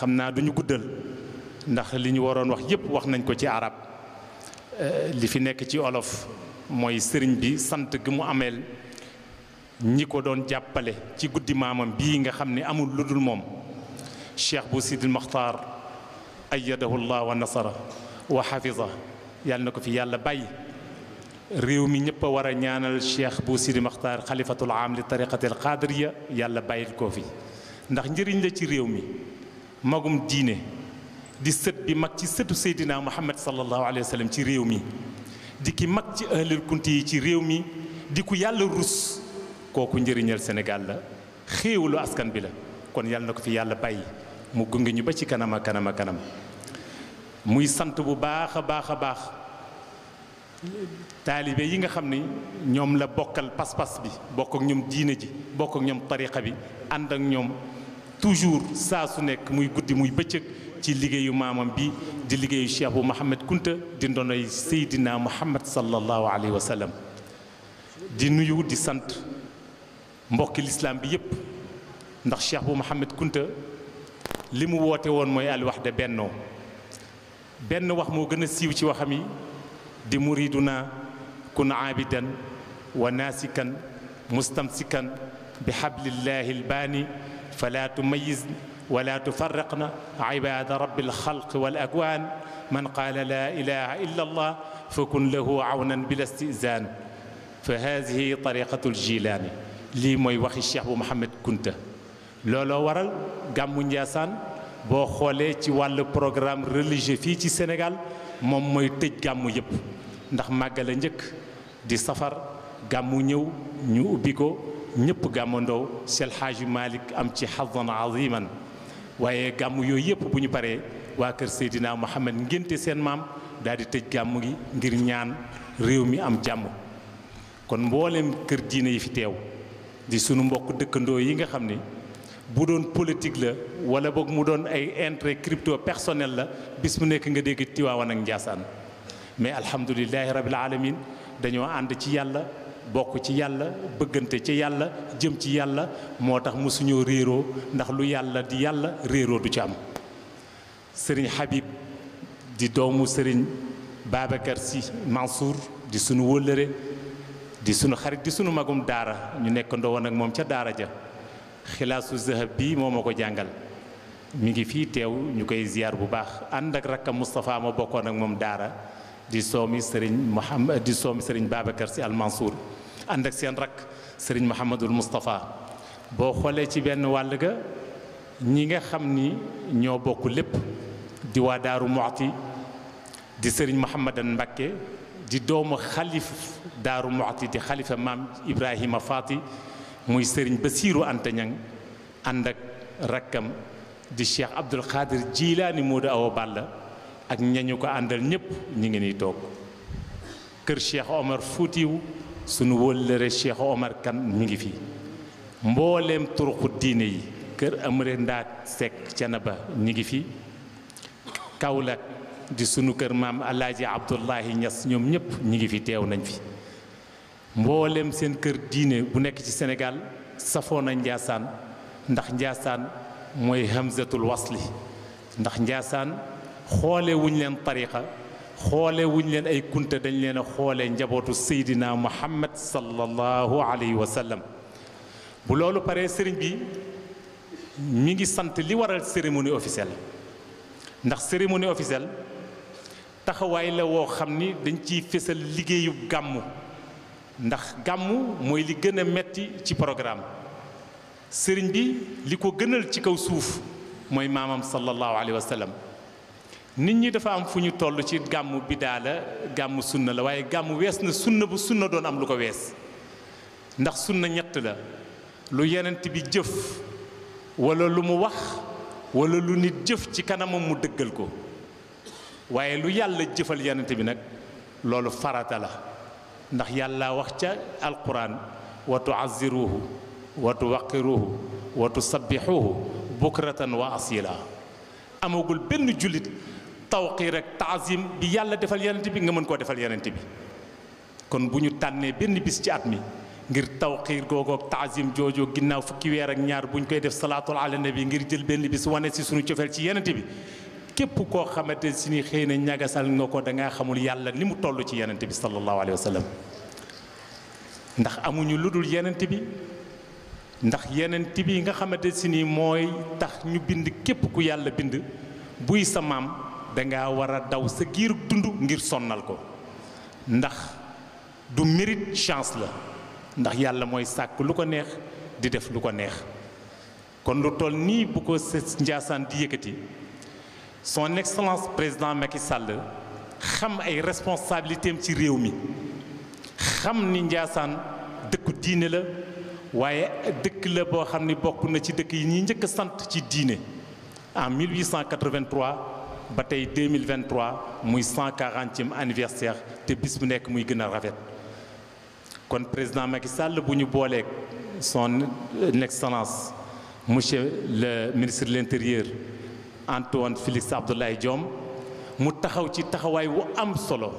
xam naa du ñu guddal ndax li ñu waroon wax yépp wax nañ ko ci arab euh, li fi nekk ci olof mooy sëriñ bi sant gi mu ameel ñi ko doon jàppale ci guddi maamam bii nga xam ne amul lu dul moom cheikh bu sidil maxtaar ayadahu llah wa nasara wa xafisa yàlla na ko fi yàlla bàyyi réew mi ñëpp a war a ñaanal cheikh bu sidi maxtaar xalifatul am li tariqati al yàlla bàyyil koo fi ndax njëriñ la ci réew mi magum diine di sët bi mag ci sëtu Seydina Muhammad sallallahu alayhi wa ci réew mi di ki mag ci ci réew mi di ku yàlla rus kooku njëriñal Sénégal la xéewalu askan bi la kon yàlla na ko fi yàlla bàyyi mu gunge ñu ba ci kanam a kanam kanam muy sant bu baax a baax a baax taalibe yi nga xam ni ñoom la bokkal pas-pas bi bokk ak ñoom diine ji bokk ak ñoom tariqa bi ànd ak ñoom toujours saa su nekk muy guddi muy bëccëg ci liggéeyu maamam bi di liggéeyu cheikh bu Mouhamed Kunta di ndonoy Seydina Mouhamed sallallahu alayhi wa di nuyu di sant mbokki lislaam bi yépp ndax cheikh bu Mouhamed Kunta li mu woote woon mooy alwaxda bennoo benn wax moo gën a siiw ci waxam yi di muriduna kun aabidan wa naasikan mustamsikan bi hablillahi albaani فلا تميزن ولا تفرقن عباد رب الخلق والأكوان من قال لا إله إلا الله فكن له عونا بلا استئذان فهذه طريقة الجيلاني lii mooy waxi Cheikh bu Mouhamed Kunta looloo waral gàmmu Njaasaan boo xoolee ci wàllu programme religieux fii ci Sénégal moom mooy tëj gàmmu yépp ndax màggal a njëkk di safar gàmmu ñëw ñu ubbi ñëpp gàmmandoo Sel Xaaji Malick am ci xadan aziman waaye gàmm yooyu yëpp bu ñu paree waa kër Seydina Muhammad ngénte seen maam daal di tëj gàmm gi ngir ñaan réew mi am jàmm kon mboolem kër diine yi fi teew di sunu mbokk dëkkandoo yi nga xam ni bu doon politique la wala boog mu doon ay intérêt crypto personnel la bis mu nekk nga dégg Tiwaawan ak Njaasaan mais alhamdulilahi rabil alamin dañoo ànd ci yàlla bokk ci yàlla bëggante ci yàlla jëm ci yàlla moo tax mu mosuñoo réeroo ndax lu yàlla di yàlla réeroo du ci am sëriñ Habib di doomu sëriñ Babacar Sy Mansour di suñu wëllëre di sunu xarit di sunu magum daara ñu nekk ndowoon ak moom ca daara ja xilaasu zahab bii moo ma ko jàngal mu ngi fii teew ñu koy ziar bu baax ànd ak rakkam Moustapha ma bokkoon ak moom daara di soomi sëriñ Mouhamad di soomi sëriñ Babacar si Almansour ànd ak seen rakk sëriñ Mouhamadul Moustapha boo xoolee ci benn wàll ga ñi nga xam ni ñoo bokk lépp di waa Daaru Muxti di sëriñ Mouhamadan Mbakke di doomu xalif Daaru Muxti di xalifa maam Ibrahima Faati muy sëriñ ba Anta Ñang ànd ak rakkam di Cheikh Abdul Xaadir Jiilaani Moodu Awa Balla ak ñañu ko àndal ñépp ñu ngi ni toog kër Cheikh Omar Foutiou sunu wóllëre Cheikh Omar kan mi ngi fi mboolem turuqu diine yi kër Amre Ndaat ca Canaba ñu ngi fi Kaolack di sunu kër maam Alaaji Abdullahi Ñas ñoom ñépp ñu ngi fi teew nañ fi mboolem seen kër diine bu nekk ci senegal safoona na Njaasaan ndax Njaasaan mooy hamzatul wasli ndax Njaasaan xoole wuñ leen tariqa xoole wuñ leen ay kunta dañ leen a xoole njabootu seydina muhammad sallallahu alayhi wa sallam bu loolu paree sëriñ bi mu ngi sant li waral cérémonie officielle ndax cérémonie officielle taxawaay la woo xam ni dañ ciy fésal liggéeyu gàmmu ndax gàmmu mooy li gën a metti ci programme sëriñ bi li ko gënal ci kaw suuf mooy maamam sallallahu alayhi wa nit ñi dafa am fu ñu toll ci gàmmu bidaa la gàmmu sunna la waaye gàmm wees na sunna bu sunna doon am lu ko wees ndax sunna ñett la lu yenent bi jëf walla lu mu wax walla lu nit jëf ci kanamam mu dëggal ko waaye lu yàlla jëfal yenent bi nag loolu farata la ndax yàlla wax ca alquran wa tuaziruhu wa tuwaqiruhu wa tusabbihuhu bukratan wa asila amagul benn jullit tawqiir rek taazim bi yàlla defal yonent bi nga mën koo defal yonent bi kon bu ñu tànnee benn bis ci at mi ngir tawqiir googoog taazim joojoo ginnaaw fukki weer ak ñaar bu ñu koy def salaatul ala nabi ngir jël benn bis wane si suñu cofeel ci yonent bi képp koo xamante si ni xëy na ñagasal nga ko da xamul yàlla li mu toll ci yonent bi sallallahu alayhi wa amuñu lu dul yonent bi ndax yonent bi nga xamante si ni mooy tax ñu bind képp ku yàlla bind buy sa maam danga war a daw sa giir dund ngir sonnal ko ndax du mérite chance la ndax yàlla mooy sàkk lu ko neex di def lu ko neex kon lu toll nii bu ko sës Ndiassane di yëkkati son excellence président Macky sàll xam ay responsabilités am ci réew mi xam ni Ndiassane dëkku diine la waaye dëkk la boo xam ni bokk na ci dëkk yi ñuy njëkk sant ci diine en 1883. ba tey 2023 muy 140e anniversaire te bis bu nekk muy gën a rafet kon président Macky Sall bu ñu booleeg son excellence monsieur le ministre de l'intérieur Antoine Félix Abdoulaye Diome mu taxaw ci taxawaay wu am solo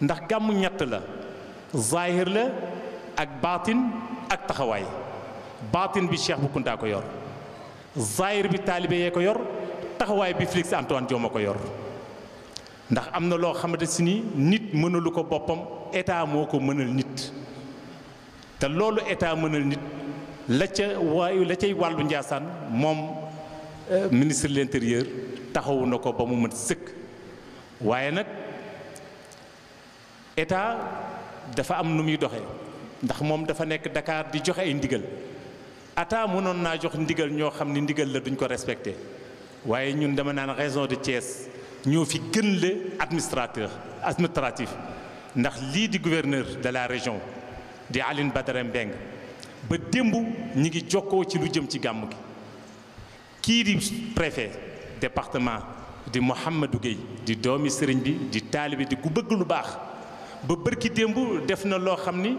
ndax gàmmu ñett la zahir la ak baatin ak taxawaay baatin bi cheikh bu kuntaa ko yor zahir bi taalibe yee ko yor taxawaay bi Félix Antoine Diome a ko yor ndax am na loo xamante si nii nit mënalu ko boppam état moo ko mënal nit te loolu état mënal nit la ca waayu la cay wàllu Njaasaan moom euh, ministre de l'intérieur taxawu na ko ba mu mën sëkk waaye nag état dafa am nu muy doxe ndax moom dafa nekk Dakar di joxe ay ndigal ata mënoon naa jox ndigal ñoo xam ni ndigal la duñ ko respecté waaye ñun dama naan région de Thiès ñoo fi gën le administrateur administratif ndax lii di gouverneur de la région di Aline Badara Mbeng ba démb ñi ngi jokkoo ci lu jëm ci gàmm gi kii di préfet département di Mouhamadou Gueye di doomi sëriñ bi di taalibe di ku bëgg lu baax ba bërki démb def na loo xam ni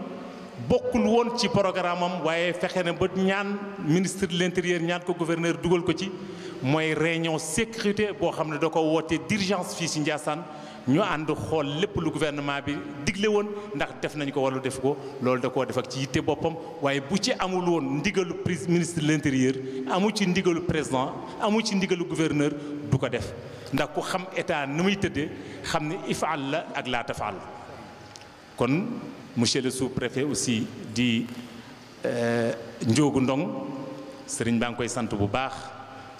bokkul woon ci programme am waaye fexe na ba ñaan ministre de l'intérieur ñaan ko gouverneur dugal ko ci mooy réunion sécurité boo xam ne da ko woote d'urgence fii ci Ndiassane ñu ànd xool lépp lu gouvernement bi digle woon ndax def nañ ko walla def ko loolu da koo def ak ci yitte boppam waaye bu ci amul woon ndigalu prise ministre de l'intérieur amu ci ndigalu président amu ci ndigalu gouverneur du ko def ndax ku xam état ni muy tëddee xam ne ifaal la ak laa tafaal kon monsieur le sous-préfet aussi di euh, Ndiogou Ndong sëriñ baa ngi koy sant bu baax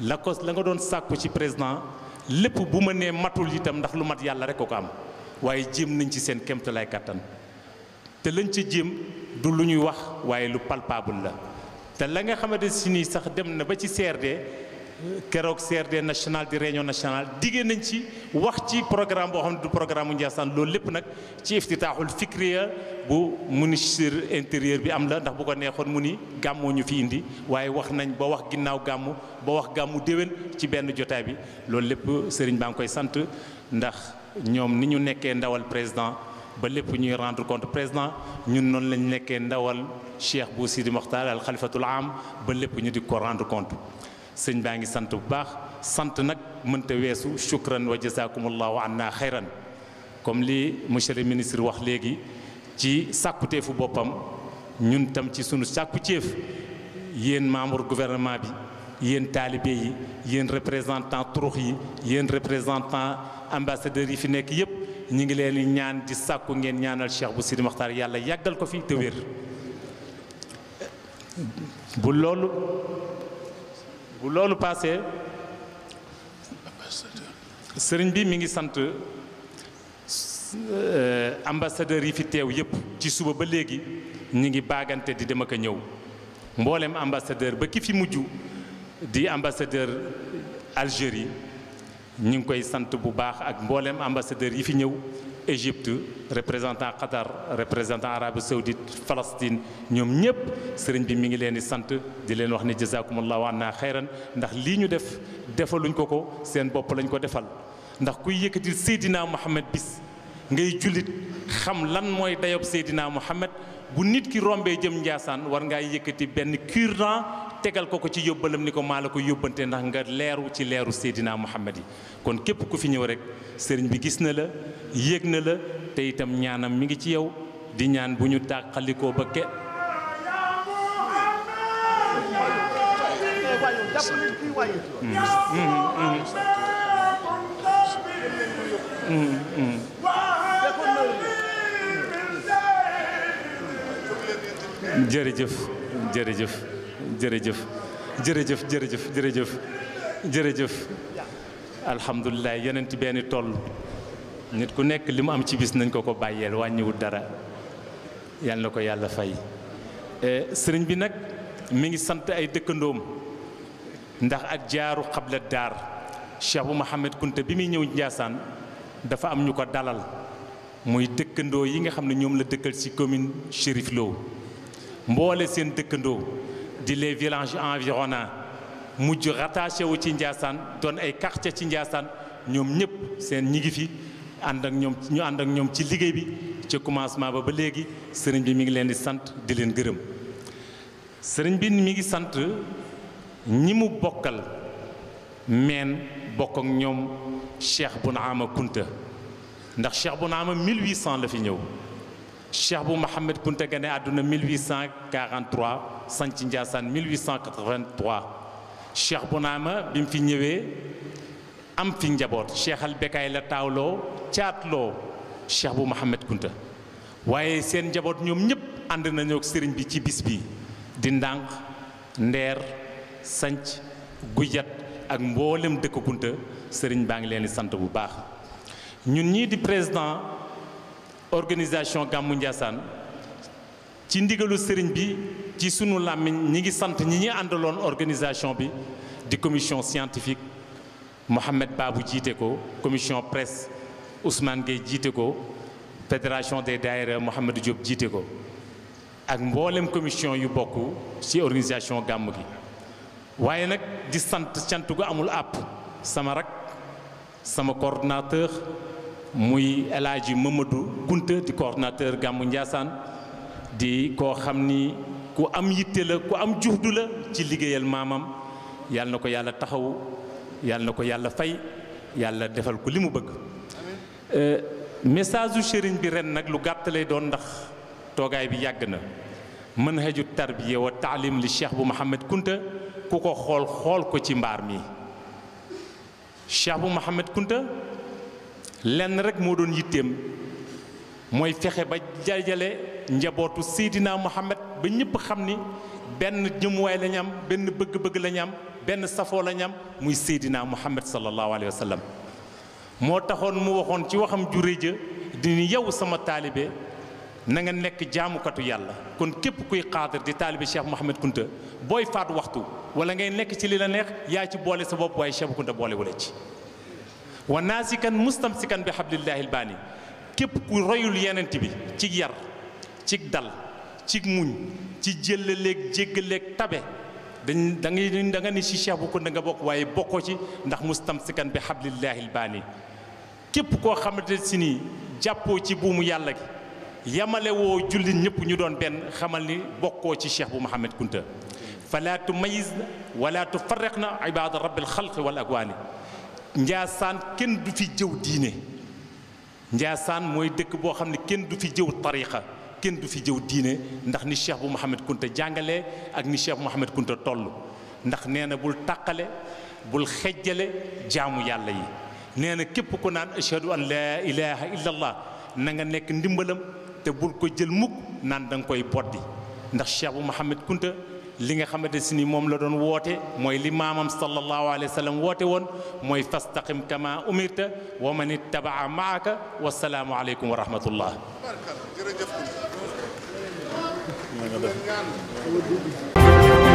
la la nga doon sàkku ci président lépp bu ma nee matul itam ndax lu mat yàlla rek ko ko am waaye jéem nañ ci seen kéemtalaay kàttan te lañ ci jéem du lu ñuy wax waaye lu palpaabul la te la nga xamante si nii sax dem na ba ci CRD. keroog CRD national di réunion nationale diggée nañ ci wax ci programme boo xam ne du programme mu Ndiassane loolu lépp nag ci iftitaaxul fikriya bu ministre intérieur bi am la ndax bu ko neexoon mu ni gàmmoo ñu fi indi waaye wax nañ ba wax ginnaaw gàmmu ba wax gàmmu déwén ci benn jotaay bi loolu lépp sëriñ baa ngi koy sant ndax ñoom ni ñu nekkee ndawal président ba lépp ñuy rendre compte président ñun noonu lañ nekkee ndawal Cheikh Bou Sidi Mokhtar al xalifatul am ba lépp ñu di ko rendre compte sëñ baa ngi sant bu baax sant nag mënta weesu shukran wa jazakumullahu anna xayran comme li monsieur le ministre wax léegi ci sàkkuteefu boppam ñun tam ci sunu sàkkuteef yéen membre gouvernement bi yéen taalibe yi yéen représentant turux yi yéen représentant ambassadeurs yi fi nekk yépp ñu ngi leen di ñaan di sàkku ngeen ñaanal Cheikh bu Sidi Maxtaar yàlla yàggal ko fi te wér bu loolu bu loolu paasee sëriñ bi mi ngi sant euh, ambassadeurs yi fi teew yépp ci suba ba léegi ñi ngi bagante di dem ak a ñëw mboolem ambassadeur ba ki fi mujj di ambassadeur Algérie ñu ngi koy sant bu baax ak mboolem ambassadeur yi fi ñëw Égypte représentant Qatar représentant Arabie Saoudite Palestine ñoom ñëpp sëriñ bi mu ngi leen di sant di leen wax ne jazakumullahu anna xayran ndax lii ñu def defaluñ ko ko seen bopp lañ ko defal ndax kuy yëkkatil Seydina Muhammad bis ngay jullit xam lan mooy dayob Seydina Muhammad bu nit ki rombee jëm Njaasaan war ngaa yëkkati benn cure-dent tegal ko ko ci yóbbalam ni ko maa la ko yóbbante ndax nga leeru ci leeru Seydina Muhammad yi kon képp ku fi ñëw rek sëriñ bi gis na la yéeg na la te itam ñaanam mi ngi ci yow di ñaan bu ñu tàqalikoo ba ke jërëjëf jërëjëf jërëjëf jërëjëf jërëjëf jërëjëf jërëjëf alhamdulilah yonent benn toll nit ku nekk li mu am ci bis nañ ko ko bàyyeel wàññiwul dara yal na ko yàlla fay e, sëriñ bi nag mi ngi sant ay dëkkandoom ndax ak jaaru xabla daar cheikh bu Mouhamed Kunta bi muy ñëw Njaasaan dafa am ñu ko dalal muy dëkkandoo yi nga xam ne ñoom la dëkkal ci commune Chérif Lo mboole seen dëkkandoo di les villages environnants mujj rattaché wu ci Ndiassane doon ay quartier ci Ndiassane ñoom ñëpp seen ñi ngi fi ànd ak ñoom ñu ànd ak ñoom ci liggéey bi ci commencement ba ba léegi sëriñ bi mi ngi leen di sant di leen gërëm sëriñ bi mi ngi sant ñi mu bokkal meen bokk ak ñoom Cheikh Bounama Kunta ndax Cheikh Bounama 1800 la fi ñëw Cheikh bu Mouhamed Kunta gane àdduna sanc Ndiassane 1883 Cheikh Bounama bi mu fi ñëwee am fi njaboot Cheikh al Bekaay la taawloo caatloo Cheikh bu Mouhamed Kunta waaye seen njaboot ñoom ñëpp ànd nañook sëriñ bi ci bis bi di ndànk ndeer sanc guyat ak mboolem dëkk Kunta sëriñ baa ngi leen sant bu baax ñun ñii di président organisation Gàmmu Ndiassane ci ndigalu sëriñ bi ci sunu làmmiñ ñi ngi sant ñi ñi àndaloon organisation bi di commission scientifique Mohamed Babou jiite ko commission presse Ousmane Gueye jiite ko fédération des daayira Mohamed Diop jiite ko ak mboolem commission yu bokk ci organisation gàmm gi waaye nag di sant sant gu amul àpp sama rak sama coordonnateur muy El Hadji Mamadou Kunta di coordonnateur gàmmu Ndiassane di koo xam ni ku am yitte la ku am juhdu la ci liggéeyal maamam yàlla na ko yàlla taxawu yàlla na ko yàlla fay yàlla defal ko li mu bëgg euh, message su sëriñ bi ren nag lu gàtt lay doon ndax toogaay bi yàgg na manhaju tarbiya wa taalim li cheikh bu Mouhamed Kunta ku ko xool xool ko ci mbaar mi cheikh bu Mouhamed Kunta lenn rek moo doon yitteem mooy fexe ba jajale njabootu Seydina Muhammad ba ñëpp xam ni benn jëmuwaay la am benn bëgg-bëgg la am benn safoo la am muy Seydina Muhammad sallallahu alayhi wa sallam moo taxoon mu waxoon ci waxam jure ja di yow sama taalibe na nga nekk jaamukatu yàlla kon képp kuy xaadir di taalibe Cheikh Mouhamed Kunta booy faat waxtu wala ngay nekk ci li la neex yaa ci boole sa bopp waaye Cheikh Kunta boole wala ci wa naasikan mustamsikan bi hablillahi l baani képp ku royul yenent bi ci cig dal cig muñ ci jëllaleeg jéggaleeg tabe dañ da ngay da nga ni si cheikh bu ko nga bokk waaye bokkoo ci ndax mustamsikan bi hablillaahil baani képp koo xamante si nii jàppoo ci buumu yàlla gi yamale woo jullit ñëpp ñu doon benn xamal ni bokkoo ci cheikh bu Mouhamed Kunta fala tumayis wala tufarriq na ibada rabbil xalqi wal akwaani njaasaan kenn du fi jëw diine njaasaan mooy dëkk boo xam ne kenn du fi jëw tariqa kenn du fi jëw diine ndax ni cheikh bu Mouhamed Kunta jàngale ak ni cheikh bu Mouhamed Kunta toll ndax nee na bul taqale bul xejjale jaamu yàlla yi nee na képp ku naan ashhadu an laa ilaha illallah na nga nekk ndimbalam te bul ko jël mukk naan da koy boddi ndax cheikh bu Mouhamed Kunta li nga xamante si ni moom la doon woote mooy li maamam sallallahu alayhi woote woon mooy fastaqim kama umirta wa man ittabaa maaka wasalaamu aleykum wa rahmatullah na nga def